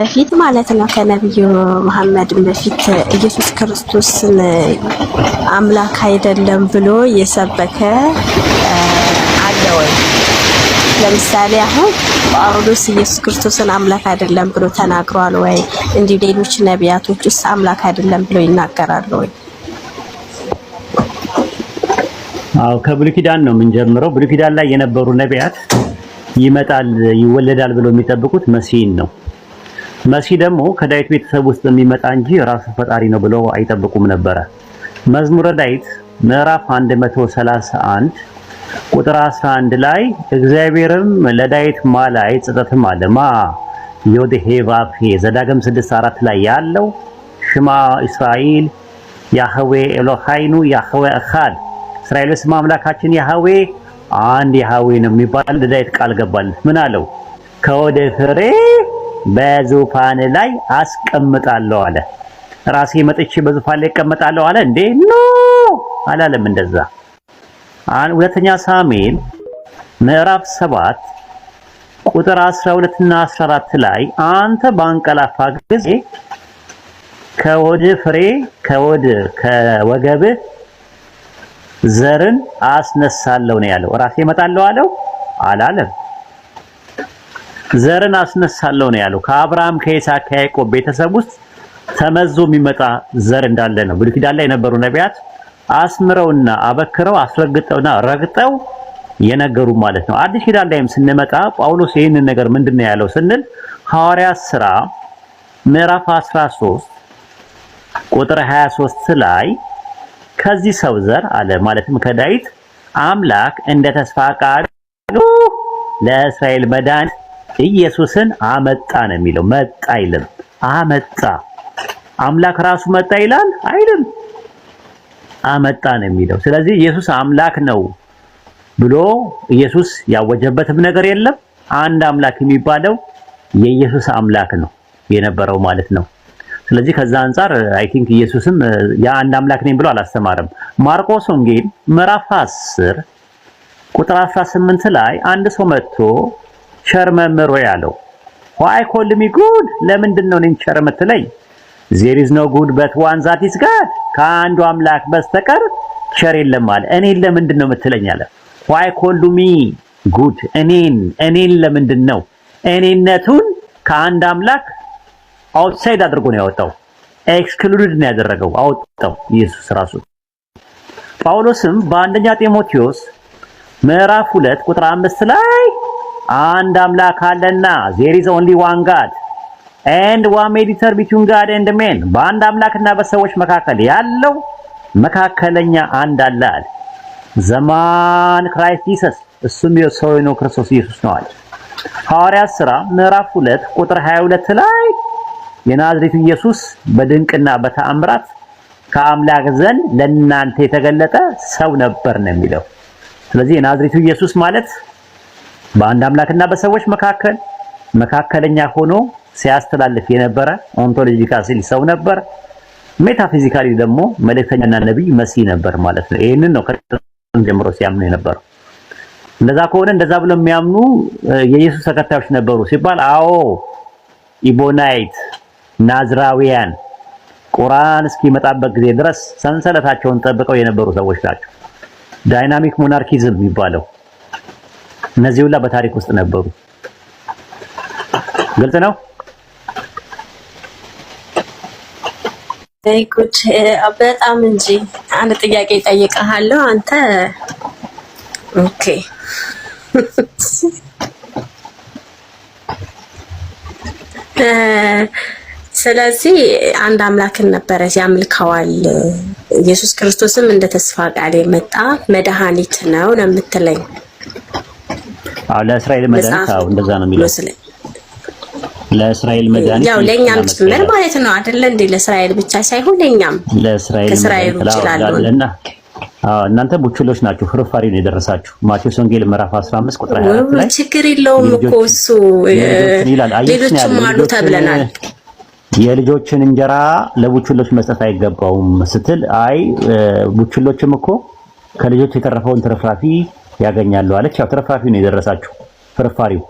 በፊት ማለት ነው ከነቢዩ መሐመድን በፊት ኢየሱስ ክርስቶስን አምላክ አይደለም ብሎ የሰበከ አለ ወይ? ለምሳሌ አሁን ጳውሎስ ኢየሱስ ክርስቶስን አምላክ አይደለም ብሎ ተናግሯል ወይ? እንዲሁ ሌሎች ነቢያቶች ውስጥ አምላክ አይደለም ብሎ ይናገራሉ ወይ? አዎ ከብሉይ ኪዳን ነው የምንጀምረው። ብሉይ ኪዳን ላይ የነበሩ ነቢያት ይመጣል ይወለዳል ብሎ የሚጠብቁት መሲህን ነው መሲ ደግሞ ከዳዊት ቤተሰብ ውስጥ የሚመጣ እንጂ ራሱ ፈጣሪ ነው ብለው አይጠብቁም ነበረ። መዝሙረ ዳዊት ምዕራፍ 131 ቁጥር 11 ላይ እግዚአብሔርም ለዳዊት ማላይ ጸጠትም አለ ማ ዮዴሄ ባፌ 6 6:4 ላይ ያለው ሽማ እስራኤል ያህዌ ኤሎሃይኑ ያህዌ አኻድ እስራኤል ስም አምላካችን ያህዌ አንድ ያህዌ ነው የሚባል ለዳዊት ቃል ገባል። ምን አለው? ከወደ ፍሬ በዙፋን ላይ አስቀምጣለሁ አለ። ራሴ መጥቼ በዙፋን ላይ እቀመጣለሁ አለ እንዴ? ኖ አላለም እንደዛ። ሁለተኛ ሳሙኤል ምዕራፍ ሰባት ቁጥር 12 እና 14 ላይ አንተ ባንቀላፋ ጊዜ ከወድ ፍሬ ከወድ ከወገብህ ዘርን አስነሳለሁ ነው ያለው። ራሴ እመጣለሁ አለው አላለም። ዘርን አስነሳለሁ ነው ያለው። ከአብርሃም ከይስሐቅ፣ ከያዕቆብ ቤተሰብ ውስጥ ተመዞ የሚመጣ ዘር እንዳለ ነው። ብሉይ ኪዳን ላይ የነበሩ ነቢያት አስምረውና አበክረው አስረግጠውና ረግጠው የነገሩ ማለት ነው። አዲስ ኪዳን ላይም ስንመጣ ጳውሎስ ይህንን ነገር ምንድን ነው ያለው ስንል ሐዋርያ ሥራ ምዕራፍ 13 ቁጥር 23 ላይ ከዚህ ሰው ዘር አለ ማለትም ከዳዊት አምላክ እንደ ተስፋ ቃል ለእስራኤል መዳን ኢየሱስን አመጣ ነው የሚለው። መጣ አይልም፣ አመጣ። አምላክ ራሱ መጣ ይላል አይልም፣ አመጣ ነው የሚለው። ስለዚህ ኢየሱስ አምላክ ነው ብሎ ኢየሱስ ያወጀበትም ነገር የለም። አንድ አምላክ የሚባለው የኢየሱስ አምላክ ነው የነበረው ማለት ነው። ስለዚህ ከዛ አንጻር አይ ቲንክ ኢየሱስም የአንድ አምላክ ነኝ ብሎ አላስተማርም። ማርቆስ ወንጌል ምዕራፍ 10 ቁጥር 18 ላይ አንድ ሰው መጥቶ ቸር መምህር ሆይ አለው። ዋይ ኮል ሚ ጉድ፣ ለምንድን ነው እኔን ቸር የምትለኝ? ዜር ኢዝ ኖ ጉድ በት ዋን ዛት ኢዝ ጋድ፣ ከአንዱ አምላክ በስተቀር ቸር የለም አለ። እኔን ለምንድን ነው የምትለኝ አለ። ዋይ ኮል ሚ ጉድ፣ እኔን እኔን ለምንድን ነው እኔነቱን ከአንድ አምላክ አውትሳይድ አድርጎ ነው ያወጣው። ኤክስክሉድድ ነው ያደረገው አወጣው ኢየሱስ ራሱ። ጳውሎስም በአንደኛ ጢሞቴዎስ ምዕራፍ ሁለት ቁጥር አምስት ላይ አንድ አምላክ አለና there is only one god and one mediator between god and man በአንድ አምላክና በሰዎች መካከል ያለው መካከለኛ አንድ አለ አለ ዘማን ክራይስት ኢየሱስ እሱም የሰው ነው ክርስቶስ ኢየሱስ ነው አለ ሐዋርያት ሥራ ምዕራፍ 2 ቁጥር 22 ላይ የናዝሬቱ ኢየሱስ በድንቅና በተአምራት ከአምላክ ዘንድ ለእናንተ የተገለጠ ሰው ነበር ነው የሚለው። ስለዚህ የናዝሬቱ ኢየሱስ ማለት በአንድ አምላክና በሰዎች መካከል መካከለኛ ሆኖ ሲያስተላልፍ የነበረ ኦንቶሎጂካል ሲል ሰው ነበር። ሜታፊዚካሊ ደግሞ መልእክተኛና ነቢይ መሲህ ነበር ማለት ነው። ይህንን ነው ከጥንት ጀምሮ ሲያምኑ የነበረው። እንደዛ ከሆነ እንደዛ ብለው የሚያምኑ የኢየሱስ ተከታዮች ነበሩ ሲባል አዎ፣ ኢቦናይት ናዝራውያን ቁርአን እስኪመጣበት ጊዜ ድረስ ሰንሰለታቸውን ጠብቀው የነበሩ ሰዎች ናቸው። ዳይናሚክ ሞናርኪዝም የሚባለው እነዚህ ሁላ በታሪክ ውስጥ ነበሩ። ግልጽ ነው። ጉድ በጣም እንጂ አንድ ጥያቄ ጠይቀሃለሁ። አንተ ኦኬ ስለዚህ አንድ አምላክን ነበረ ያምልከዋል። ኢየሱስ ክርስቶስም እንደ ተስፋ ቃል የመጣ መድኃኒት ነው ነው የምትለኝ አዎ ለእስራኤል መድኃኒት አዎ እንደዛ ነው የሚለው ለእስራኤል መድኃኒት ያው ለእኛም ጭምር ማለት ነው አይደለ እንዴ? ለእስራኤል ብቻ ሳይሆን ለእኛም ለእስራኤል ከእስራኤል ውጭ ላለና እናንተ ቡችሎች ናችሁ፣ ፍርፋሪ ነው የደረሳችሁ። ማቴዎስ ወንጌል ምዕራፍ 15 ቁጥር 24 ላይ ችግር የለውም እኮ እሱ ሌሎችም አሉ ተብለናል። የልጆችን እንጀራ ለቡችሎች መስጠት አይገባውም ስትል አይ ቡችሎችም እኮ ከልጆች የተረፈውን ትርፍራፊ ያገኛሉ አለች። ያው ትርፋፊው ነው የደረሳችሁ። ፍርፋሪው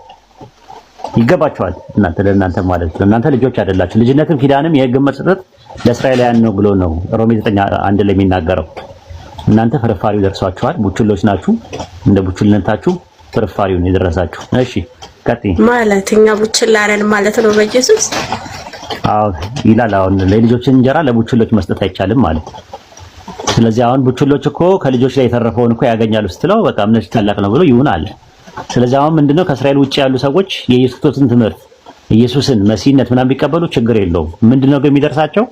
ይገባቸዋል። እናንተ ለእናንተ ማለት ነው። እናንተ ልጆች አይደላችሁ። ልጅነትም ኪዳንም የሕግን መሰጠት ለእስራኤላውያን ነው ብሎ ነው ሮሜ 9 አንድ ላይ የሚናገረው። እናንተ ፍርፋሪው ደርሷችኋል። ቡችሎች ናችሁ። እንደ ቡችልነታችሁ ፍርፋሪው ነው የደረሳችሁ። እሺ ቀጥይ። ማለት እኛ ቡችላ ነን ማለት ነው በኢየሱስ አዎ ይላል። አሁን ለልጆች እንጀራ ለቡችሎች መስጠት አይቻልም ማለት ስለዚህ አሁን ቡችሎች እኮ ከልጆች ላይ የተረፈውን እኮ ያገኛሉ ስትለው በቃ እምነት ታላቅ ነው ብሎ ይሁን አለ። ስለዚህ አሁን ምንድነው ከእስራኤል ውጭ ያሉ ሰዎች የኢየሱስ ክርስቶስን ትምህርት ኢየሱስን መሲህነት ምናምን ቢቀበሉ ችግር የለውም። ምንድነው ግን የሚደርሳቸው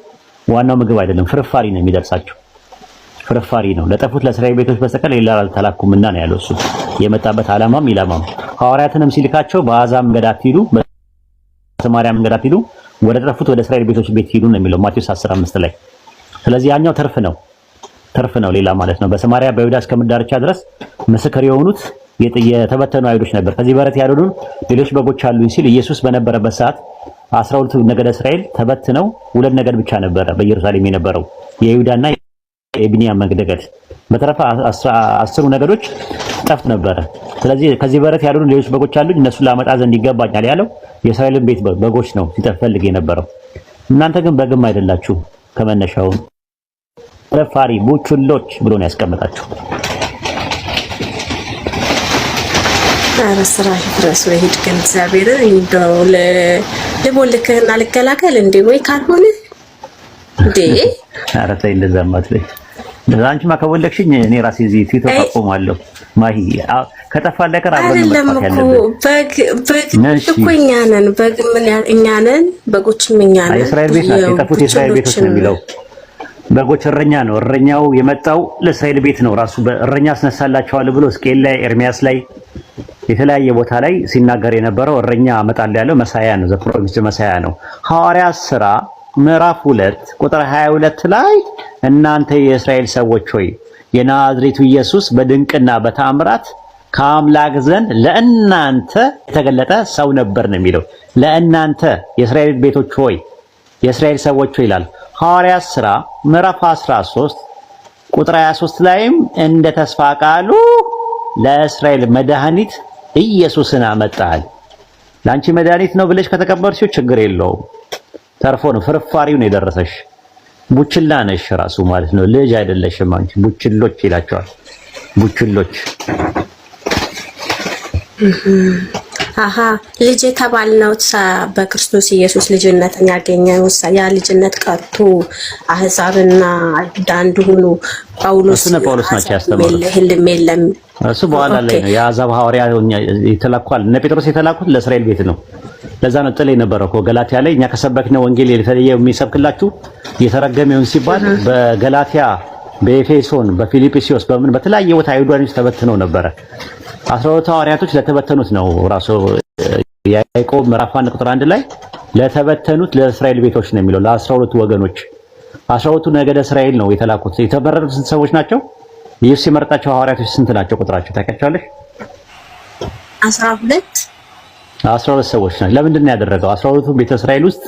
ዋናው ምግብ አይደለም፣ ፍርፋሪ ነው የሚደርሳቸው። ፍርፋሪ ነው ለጠፉት ለእስራኤል ቤቶች በስተቀር ሌላ አልተላኩምና ነው ያለው። እሱ የመጣበት ዓላማም ይላማም ሐዋርያትንም ሲልካቸው በአሕዛብ መንገድ አትሂዱ፣ በሰማርያ መንገድ አትሂዱ፣ ወደ ጠፉት ወደ እስራኤል ቤቶች ቤት ሂዱ ነው የሚለው ማቴዎስ 15 ላይ። ስለዚህ ያኛው ተርፍ ነው ትርፍ ነው ሌላ ማለት ነው። በሰማሪያ በይሁዳ እስከ ምድር ዳርቻ ድረስ ምስክር የሆኑት የተበተኑ አይሁዶች ነበር። ከዚህ በረት ያልሆኑን ሌሎች በጎች አሉኝ ሲል ኢየሱስ በነበረበት ሰዓት አስራ ሁለቱ ነገደ እስራኤል ተበትነው ሁለት ነገድ ብቻ ነበረ በኢየሩሳሌም የነበረው የይሁዳና የብንያም ነገድ። በተረፈ አስሩ ነገዶች ጠፍት ነበረ። ስለዚህ ከዚህ በረት ያልሆኑ ሌሎች በጎች አሉኝ እነሱን ላመጣ ዘንድ ይገባኛል ያለው የእስራኤልን ቤት በጎች ነው ሲፈልግ የነበረው። እናንተ ግን በግም አይደላችሁ ከመነሻው ረፋሪ ቡችሎች ብሎ ነው ያስቀምጣቸው። ድረስ ወይ ይሄድ ግን እግዚአብሔር እንደው ለ ልቦልክህና ልከላከል እንዴ ወይ ካልሆነ እንዴ ኧረ ተይ እንደዛማ አትበይ። አንቺማ ከወለቅሽኝ እኔ ራሴ እዚህ ትዊተር አቆማለሁ። ማሂ ከጠፋ ለቀር አብረን መጥፋት ያለብን በግ በግ እኮ እኛ ነን። በግ ምን እኛ ነን፣ በጎችም እኛ ነን። ቤት ናቸው የጠፉት የእስራኤል ቤቶች ነው የሚለው በጎች እረኛ ነው። እረኛው የመጣው ለእስራኤል ቤት ነው። ራሱ እረኛ አስነሳላቸዋል ብሎ ሕዝቅኤል ላይ ኤርሚያስ ላይ የተለያየ ቦታ ላይ ሲናገር የነበረው እረኛ እመጣለሁ ያለው መሳያ ነው። ዘፕሮሚስ መሳያ ነው። ሐዋርያ ስራ ምዕራፍ ሁለት ቁጥር 22 ላይ እናንተ የእስራኤል ሰዎች ሆይ የናዝሬቱ ኢየሱስ በድንቅና በታምራት ከአምላክ ዘንድ ለእናንተ የተገለጠ ሰው ነበር ነው የሚለው። ለእናንተ የእስራኤል ቤቶች ሆይ የእስራኤል ሰዎች ሆይ ይላል። ሐዋርያ ሥራ ምዕራፍ 13 ቁጥር 23 ላይም እንደ ተስፋ ቃሉ ለእስራኤል መድኃኒት ኢየሱስን አመጣል። ለአንቺ መድኃኒት ነው ብለሽ ከተቀበልሽው ችግር የለውም። ተርፎን ፍርፋሪውን የደረሰሽ ቡችላ ነሽ ራሱ ማለት ነው። ልጅ አይደለሽም አንቺ። ቡችሎች ይላቸዋል ቡችሎች አሀ ልጅ የተባልነው በክርስቶስ ኢየሱስ ልጅነትን ያገኘው ያ ልጅነት ቀርቶ አህዛብና አይሁድ አንድ ጳውሎስ ነው ጳውሎስ ናቸው ያስተማሩት። የለም የለም፣ እሱ በኋላ ላይ ነው የአህዛብ ሐዋርያ የተላኳል። እነ ጴጥሮስ የተላኩት ለእስራኤል ቤት ነው። ለዛ ነው ጥል የነበረው እኮ ገላትያ ላይ እኛ ከሰበክነው ወንጌል የተለየ የሚሰብክላችሁ የተረገመውን ሲባል በገላትያ በኤፌሶን በፊልጵስዮስ በምን በተለያየ ቦታ አይሁዳኖች ተበትነው ነበረ። አስራ ሁለቱ ሐዋርያቶች ለተበተኑት ነው ራሱ ያዕቆብ ምዕራፍ አንድ ቁጥር አንድ ላይ ለተበተኑት ለእስራኤል ቤቶች ነው የሚለው ለአስራ ሁለቱ ወገኖች አስራ ሁለቱ ነገደ እስራኤል ነው የተላኩት። የተመረጡት ስንት ሰዎች ናቸው? ኢየሱስ የመረጣቸው ሐዋርያቶች ስንት ናቸው? ቁጥራቸው ታውቂያቸዋለሽ? አስራ ሁለት አስራ ሁለት ሰዎች ናቸው። ለምንድን ነው ያደረገው አስራ ሁለቱ ቤተ እስራኤል ውስጥ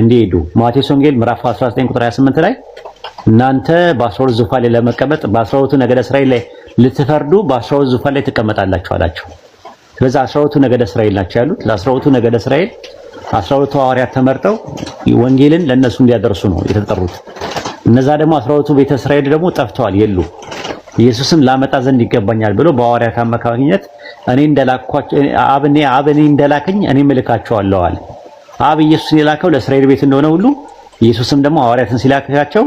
እንዲሄዱ? ማቴዎስ ወንጌል ምዕራፍ 19 ቁጥር 28 ላይ እናንተ በአስራ ሁለት ዙፋን ላይ ለመቀመጥ በአስራ ሁለቱ ነገደ እስራኤል ላይ ልትፈርዱ በአስራ ሁለት ዙፋን ላይ ትቀመጣላችሁ አላቸው። ስለዚህ አስራ ሁለቱ ነገደ እስራኤል ናቸው ያሉት። ለአስራ ሁለቱ ነገደ እስራኤል አስራ ሁለቱ ሐዋርያት ተመርጠው ወንጌልን ለእነሱ እንዲያደርሱ ነው የተጠሩት። እነዛ ደግሞ አስራ ሁለቱ ቤተ እስራኤል ደግሞ ጠፍተዋል፣ የሉ ኢየሱስን ላመጣ ዘንድ ይገባኛል ብሎ በሐዋርያት አማካኝነት እኔ እንደላኳቸው አብ እኔ እንደላከኝ እኔ እንደላከኝ እልካቸዋለሁ አለ። አብ ኢየሱስን የላከው ለእስራኤል ቤት እንደሆነ ሁሉ ኢየሱስም ደግሞ ሐዋርያትን ሲላካቸው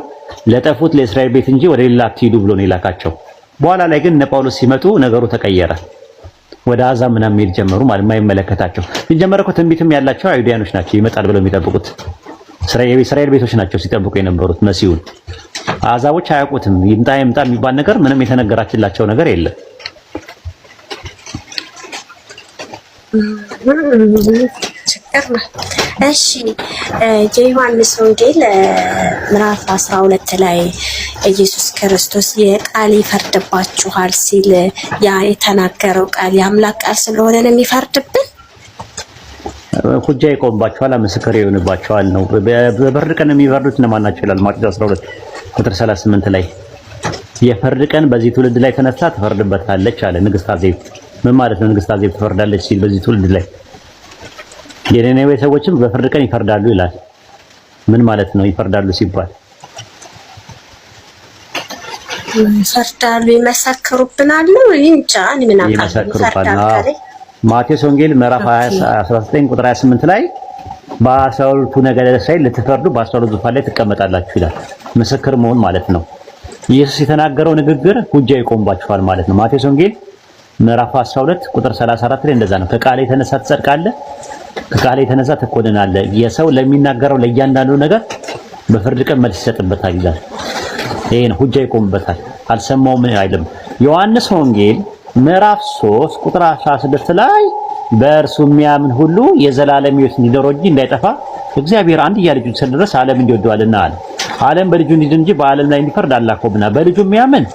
ለጠፉት ለእስራኤል ቤት እንጂ ወደ ሌላ አትሂዱ ብሎ ነው የላካቸው። በኋላ ላይ ግን እነ ጳውሎስ ሲመጡ ነገሩ ተቀየረ። ወደ አዛ ምናምን መሄድ ጀመሩ። ማለት የማይመለከታቸው ሲጀመር እኮ ትንቢትም ያላቸው አይሁዳኖች ናቸው ይመጣል ብለው የሚጠብቁት እስራኤል ቤቶች ናቸው ሲጠብቁ የነበሩት መሲሁን። አሕዛቦች አያውቁትም። ይምጣ ይምጣ የሚባል ነገር ምንም የተነገራችላቸው ነገር የለም። ችግር ነው። እሺ የዮሐንስ ወንጌል ምዕራፍ 12 ላይ ኢየሱስ ክርስቶስ የቃል ይፈርድባችኋል ሲል ያ የተናገረው ቃል የአምላክ ቃል ስለሆነ ነው የሚፈርድብን። ሁጃ ይቆምባችኋል፣ ምስክር ይሆንባችኋል ነው። በፍርድ ቀን የሚፈርዱት እነማን ናቸው ይላል ማርቆስ 12 ቁጥር 38 ላይ የፍርድ ቀን በዚህ ትውልድ ላይ ተነስታ ትፈርድበታለች አለ። ንግስት አዜብ ምን ማለት ነው? ንግስት አዜብ ትፈርዳለች ሲል በዚህ ትውልድ ላይ የነነዌ ሰዎችም በፍርድ ቀን ይፈርዳሉ ይላል። ምን ማለት ነው ይፈርዳሉ ሲባል? ይፈርዳሉ ይመሰክሩብናል። እንጃ እኔ ምን አውቃለሁ። ማቴዎስ ወንጌል ምዕራፍ 19 ቁጥር 28 ላይ በአስራ ሁለቱ ነገደ እስራኤል ልትፈርዱ በአስራ ዙፋን ላይ ትቀመጣላችሁ ይላል። ምስክር መሆን ማለት ነው። ኢየሱስ የተናገረው ንግግር ሁጃ ይቆምባችኋል ማለት ነው። ማቴዎስ ወንጌል ምዕራፍ 12 ቁጥር 34 ላይ እንደዛ ነው። ከቃል የተነሳ ትጸድቃለህ ከቃል የተነሳ ትኮንናለህ። የሰው ለሚናገረው ለእያንዳንዱ ነገር በፍርድ ቀን መልስ ይሰጥበታል ይላል። ይሄን ሁጃ ይቆምበታል። አልሰማውም አይልም። ዮሐንስ ወንጌል ምዕራፍ 3 ቁጥር 16 ላይ በእርሱ የሚያምን ሁሉ የዘላለም ሕይወት እንዲኖረው እንጂ እንዳይጠፋ እግዚአብሔር አንድያ ልጁን ስለደረሰ ዓለም እንዲወደዋልና አለ። ዓለም በልጁ እንዲድን እንጂ በዓለም ላይ እንዲፈርድ አላከውምና በልጁ የሚያምን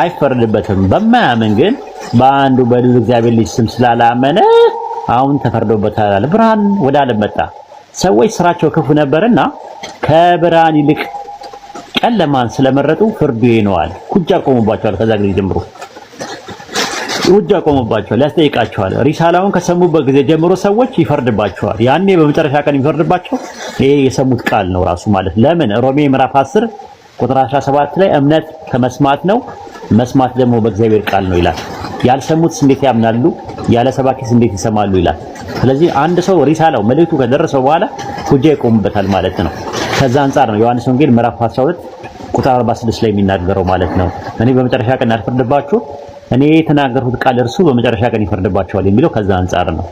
አይፈርድበትም። በማያምን ግን በአንዱ በልጁ እግዚአብሔር ልጅ ስም ስላላመነ አሁን ተፈርዶበታል አለ። ብርሃን ወደ ዓለም መጣ። ሰዎች ስራቸው ክፉ ነበርና ከብርሃን ይልቅ ጨለማን ስለመረጡ ፍርዱ ይነዋል። አለ። ሁጃ ቆሞባቸዋል። ከዛ ጊዜ ጀምሮ ሁጃ ቆሙባቸዋል፣ ያስጠይቃቸዋል። ሪሳላውን ከሰሙበት ጊዜ ጀምሮ ሰዎች ይፈርድባቸዋል። ያኔ በመጨረሻ ቀን የሚፈርድባቸው ይሄ የሰሙት ቃል ነው ራሱ ማለት ለምን ሮሜ ምዕራፍ 10 ቁጥር 17 ላይ እምነት ከመስማት ነው መስማት ደግሞ በእግዚአብሔር ቃል ነው ይላል። ያልሰሙትስ እንዴት ያምናሉ? ያለ ሰባኪስ እንዴት ይሰማሉ? ይላል። ስለዚህ አንድ ሰው ሪሳላው መልእክቱ ከደረሰው በኋላ ሁጃ ይቆምበታል ማለት ነው። ከዛ አንጻር ነው ዮሐንስ ወንጌል ምዕራፍ 12 ቁጥር 46 ላይ የሚናገረው ማለት ነው። እኔ በመጨረሻ ቀን አልፈርድባችሁ፣ እኔ የተናገርሁት ቃል እርሱ በመጨረሻ ቀን ይፈርድባቸዋል የሚለው ከዛ አንጻር ነው።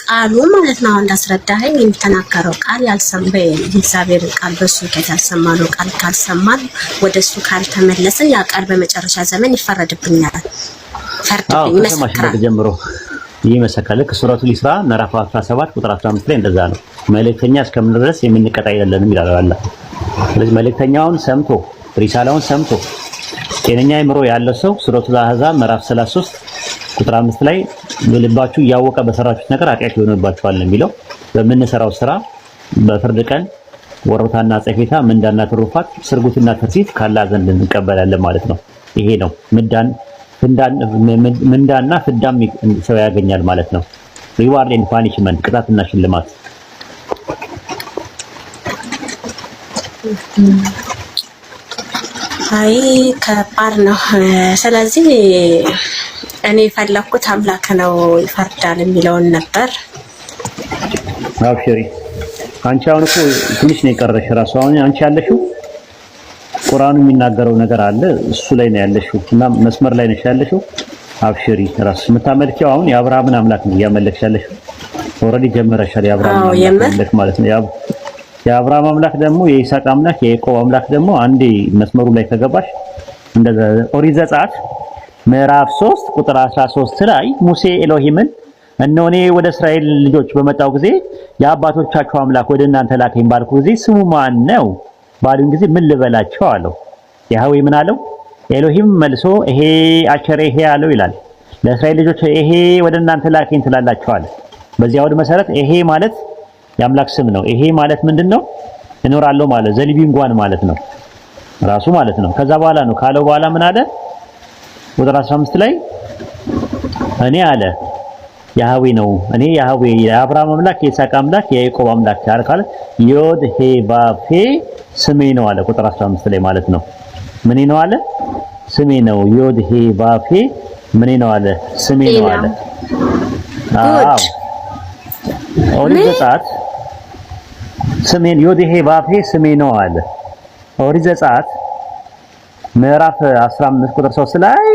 ቃሉ ማለት ነው። አሁን እንዳስረዳኸኝ የሚተናከረው ቃል ያልሰማ የእግዚአብሔርን ቃል በእሱ ያልሰማ ነው ቃል ካልሰማን ወደ እሱ ካልተመለስን ያ ቃል በመጨረሻ ዘመን ይፈረድብኛል። ፈርድብኝ ይመሰክራል ጀምሮ ይመሰክራል። ልክ ሱረቱል ኢስራ ምዕራፍ 17 ቁጥር 15 ላይ እንደዛ ነው። መልእክተኛ እስከምን የምንቀጣ አይደለንም ይላል አላህ። ስለዚህ መልእክተኛውን ሰምቶ ሪሳላውን ሰምቶ ጤነኛ አይምሮ ያለው ሰው ሱረቱል አህዛብ ምዕራፍ 33 ቁጥር 5 ላይ በልባችሁ እያወቀ በሰራችሁት ነገር አጥያት ይሆንባችኋል የሚለው በምንሰራው ስራ በፍርድ ቀን ወሮታና ጸፌታ፣ ምንዳና ትሩፋት፣ ስርጉትና ትርሲት ካላ ዘንድ እንቀበላለን ማለት ነው። ይሄ ነው ምንዳና ፍዳም ሰው ያገኛል ማለት ነው። ሪዋርድ ኤንድ ፓኒሽመንት ቅጣትና ሽልማት። አይ ከባድ ነው። ስለዚህ እኔ የፈለኩት አምላክ ነው ይፈርዳል የሚለውን ነበር። አብሽሪ አንቺ አሁን እኮ ትንሽ ነው የቀረሽ። ራሱ አሁን አንቺ ያለሽው ቁርአኑ የሚናገረው ነገር አለ፣ እሱ ላይ ነው ያለሽው እና መስመር ላይ ነሽ ያለሽው። አብሽሪ ራሱ የምታመልኪው አሁን የአብርሃምን አምላክ ነው እያመለክሽ ያለሽው። ኦልሬዲ ጀመረሻል። የአብርሃም አምላክ ማለት ነው። የአብርሃም አምላክ ደግሞ የይስሐቅ አምላክ፣ የያዕቆብ አምላክ ደግሞ አንዴ መስመሩ ላይ ከገባሽ እንደዛ ኦሪት ዘጸአት ምዕራፍ 3 ቁጥር 13 ላይ ሙሴ ኤሎሂምን እነሆ እኔ ወደ እስራኤል ልጆች በመጣው ጊዜ የአባቶቻቸው አምላክ ወደ እናንተ ላከኝ ባልኩ ጊዜ ስሙ ማን ነው ባሉኝ ጊዜ ምን ልበላቸው አለው። ያህዌ ምን አለው? ኤሎሂም መልሶ ይሄ አቸሬ ይሄ አለው ይላል። ለእስራኤል ልጆች ይሄ ወደ እናንተ ላከኝ ትላላችሁ አለ። አውድ መሰረት ይሄ ማለት የአምላክ ስም ነው። ይሄ ማለት ምንድን ነው? እኖራለሁ ማለት ዘሊቢንጓን ማለት ነው ራሱ ማለት ነው። ከዛ በኋላ ነው ካለው በኋላ ምን አለ ቁጥር 15 ላይ እኔ አለ ያህዌ ነው። እኔ ያህዌ የአብርሃም አምላክ የይስሐቅ አምላክ የያዕቆብ አምላክ ያልካል ዮድ ሄ ሄቫፌ ስሜ ነው አለ። ቁጥር 15 ላይ ማለት ነው። ምን ነው አለ? ስሜ ነው። ዮድ ሄ ሄቫፌ ምን ነው አለ? ስሜ ነው አለ። አዎ ኦሪት ዘጸአት ስሜን ዮድ ሄቫፌ ስሜ ነው አለ። ኦሪት ዘጸአት ምዕራፍ 15 ቁጥር 3 ላይ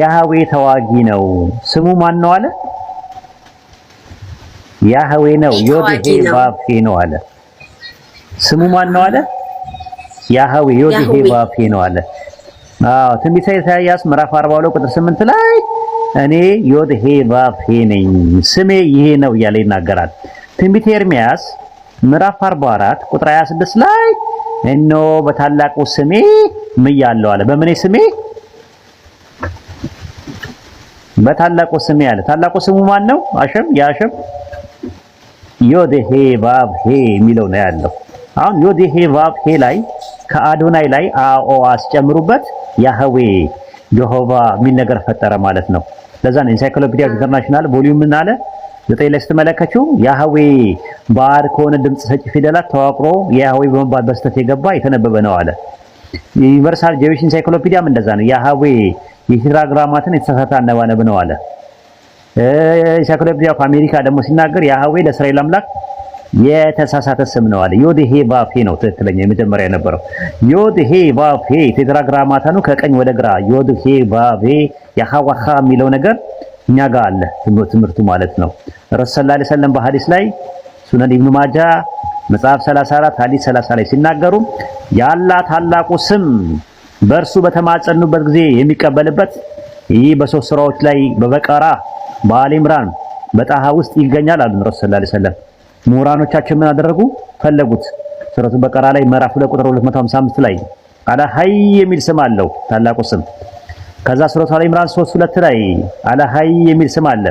ያህዌ ተዋጊ ነው። ስሙ ማን ነው አለ? ያህዌ ነው። ዮድ ሄ ነው አለ። ስሙ ማን ነው አለ? ያህዌ ዮድ ሄ ነው አለ። አዎ ትንቢተ ኢሳያስ ምዕራፍ 42 ቁጥር 8 ላይ እኔ ዮድ ሄ ነኝ ስሜ ይሄ ነው እያለ ይናገራል። ትንቢተ ኤርሚያስ ምዕራፍ 44 ቁጥር 26 ላይ እነሆ በታላቁ ስሜ ምያለሁ አለ። በምኔ ስሜ በታላቁ ስሜ አለ። ታላቁ ስሙ ማን ነው? አሸም የአሸም ዮዴሄ ሄ ቫብ ሄ የሚለው ነው ያለው። አሁን ዮዴሄ ሄ ቫብ ሄ ላይ ከአዶናይ ላይ አኦ አስጨምሩበት ያህዌ ጆሆቫ የሚል ነገር ፈጠረ ማለት ነው። ለዛ ነው ኢንሳይክሎፒዲያ ኢንተርናሽናል ቮሊዩም ምን አለ ዘጠኝ ላይ ስትመለከችው ያህዌ ባዕድ ከሆነ ድምፅ ሰጪ ፊደላት ተዋቅሮ የያህዌ በመባል በስተት የገባ የተነበበ ነው አለ። ዩኒቨርሳል ጄዊሽ ኢንሳይክሎፒዲያም እንደዛ ነው ያህዌ የሂጅራ ግራማትን የተሳሳተ አነባነብ ነው አለ። ሸክለ ብዚያ አሜሪካ ደግሞ ሲናገር ያህዌ ለእስራኤል አምላክ የተሳሳተ ስም ነው አለ። ዮድ ሄ ቫፌ ነው ትክክለኛ የመጀመሪያ የነበረው። ዮድ ሄ ቫፌ ቴትራግራማተኑ ከቀኝ ወደ ግራ ዮድ ሄ ቫፌ ያሃዋሃ የሚለው ነገር እኛ ጋር አለ ትምህርቱ ማለት ነው። ረሱል ሰለላሁ ዐለይሂ ወሰለም በሐዲስ ላይ ሱነን ኢብኑ ማጃ መጽሐፍ 34 ሐዲስ 30 ላይ ሲናገሩ ያላ ታላቁ ስም በእርሱ በተማጸኑበት ጊዜ የሚቀበልበት ይህ በሶስት ስራዎች ላይ በበቀራ በአሊ ኢምራን በጣሃ ውስጥ ይገኛል አሉ ረሱል ሰለላሁ ዐለይሂ ወሰለም። ምሁራኖቻችን ምን አደረጉ? ፈለጉት። ሱረቱ በቀራ ላይ ምዕራፍ 2 ቁጥር 255 ላይ አላ ሀይ የሚል ስም አለው ታላቁ ስም። ከዛ ሱረቱ አለ ኢምራን 32 ላይ አላ ሀይ የሚል ስም አለ።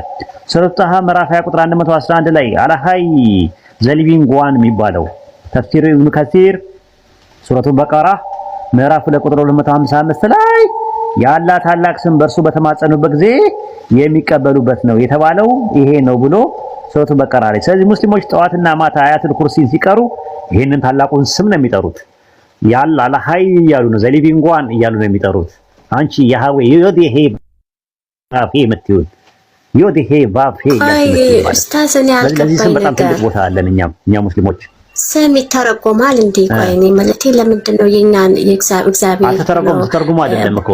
ሱረቱ ጣሃ ምዕራፍ 20 ቁጥር 111 ላይ አላ ሀይ ዘሊቢን ጓን የሚባለው ተፍሲሩ ኢብኑ ከሲር ሱረቱ በቀራ ምዕራፍ 2 ቁጥር 255 ላይ ያላ ታላቅ ስም በእርሱ በተማጸኑበት ጊዜ የሚቀበሉበት ነው የተባለው ይሄ ነው ብሎ ሱረቱ በቀራ ላይ። ስለዚህ ሙስሊሞች ጠዋትና ማታ አያትል ኩርሲን ሲቀሩ ይሄንን ታላቁን ስም ነው የሚጠሩት። ያላ ለሃይ እያሉ ነው ዘሊቪንግ ዋን እያሉ ነው የሚጠሩት። አንቺ ያህዌ ዮዴሄ ባፌ የምትይውን ዮዴሄ ባፌ እያሉ ነው። ስለዚህ ስም በጣም ትልቅ ቦታ አለን እኛም እኛ ሙስሊሞች ስም ይተረጎማል እንዴ? ቆይ እኔ ማለቴ ለምንድን ነው የኛን የእግዚአብሔር አትተረጎም ተተርጉሞ አይደለም እኮ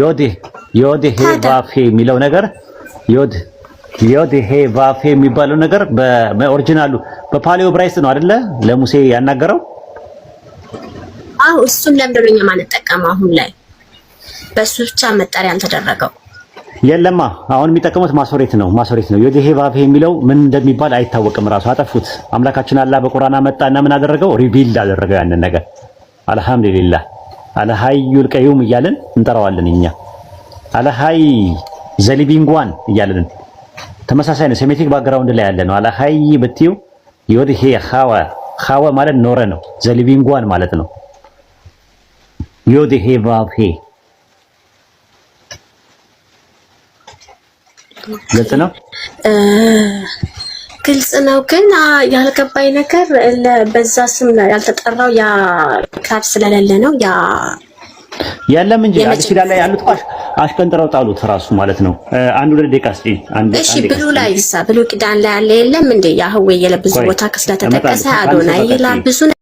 ዮድ ዮድ ሄ ቫፌ የሚለው ነገር ዮድ ዮድ ሄ ቫፌ የሚባለው ነገር በኦሪጂናሉ በፓሊዮ ብራይስ ነው አይደለ? ለሙሴ ያናገረው። አዎ እሱን ለምንድን ነው እኛ አሁን ላይ በእሱ ብቻ መጠሪያ ያልተደረገው? የለማ አሁን የሚጠቀሙት ማሶሬት ነው። ማሶሬት ነው የዚህ ባብ የሚለው ምን እንደሚባል አይታወቅም። ራሱ አጠፉት። አምላካችን አላህ በቁርአን መጣና ምን አደረገው? ሪቢልድ አደረገው ያንን ነገር። አልሐምዱሊላህ አልሃዩል ቀዩም እያልን እንጠራዋለን እኛ አልሃይ ዘሊቢንጓን እያልን ተመሳሳይ ነው። ሴሜቲክ ባክግራውንድ ላይ ያለ ነው። አልሃይ ብትዩ ይወድሄ ኻዋ ኻዋ ማለት ኖረ ነው። ዘሊቢንጓን ማለት ነው። ይወድሄ ባብ ግልጽ ነው ግልጽ ነው። ግን ያልገባኝ ነገር በዛ ስም ያልተጠራው ያ ካብ ስለሌለ ነው ያ ያለም እንጂ አዲስ ኪዳን ላይ ያሉት አሽቀንጥረው ጣሉት ራሱ ማለት ነው። አንድ ሁለት ደቂቃ እስቲ አንድ እሺ፣ ብሉ ላይ ይሳ ብሉ ኪዳን ላይ ያለ የለም እንዴ ያህዌ የለ ብዙ ቦታ ከስለተጠቀሰ አዶና ይላ ብዙ